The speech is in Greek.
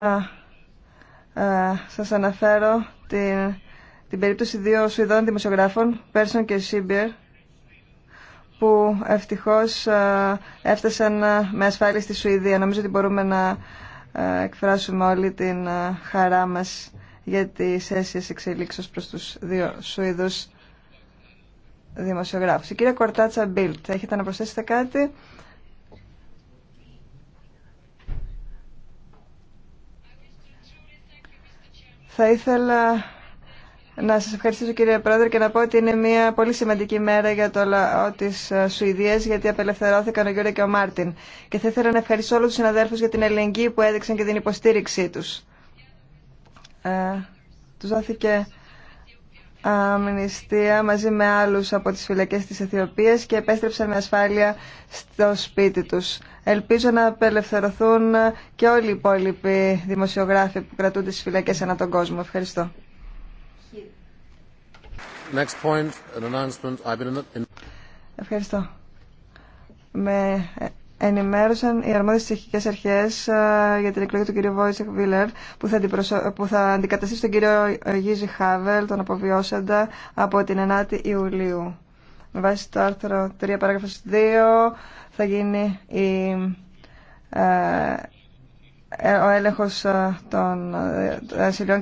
Ε, σας αναφέρω την, την περίπτωση δύο Σουηδών δημοσιογράφων, Πέρσον και Σίμπιερ, που ευτυχώς ε, έφτασαν ε, με ασφάλεια στη Σουηδία. Νομίζω ότι μπορούμε να εκφράσουμε όλη την χαρά μας για τις αίσθησες εξελίξεις προς τους δύο Σουηδούς δημοσιογράφους. Η κυρία Κορτάτσα Μπίλτ, έχετε να προσθέσετε κάτι. Θα ήθελα να σας ευχαριστήσω κύριε Πρόεδρε και να πω ότι είναι μια πολύ σημαντική μέρα για το λαό της ε, Σουηδίας γιατί απελευθερώθηκαν ο Γιώργο και ο Μάρτιν. Και θα ήθελα να ευχαριστήσω όλους τους συναδέλφους για την ελεγγύη που έδειξαν και την υποστήριξή τους. Ε, τους δόθηκε αμνηστία μαζί με άλλους από τις φυλακές της Αιθιοπίας και επέστρεψαν με ασφάλεια στο σπίτι τους. Ελπίζω να απελευθερωθούν και όλοι οι υπόλοιποι δημοσιογράφοι που κρατούν τις φυλακές ανά τον κόσμο. Ευχαριστώ. Ευχαριστώ ενημέρωσαν οι αρμόδιες τσεχικές αρχές ε, για την εκλογή του κυρίου Βόιτσεκ Βίλερ που θα, που θα αντικαταστήσει τον κύριο Γίζη Χάβελ, τον αποβιώσαντα, από την 9η Ιουλίου. Με βάση το άρθρο 3 παράγραφος 2 θα γίνει η... Ε, ε, ο έλεγχος των ασυλιών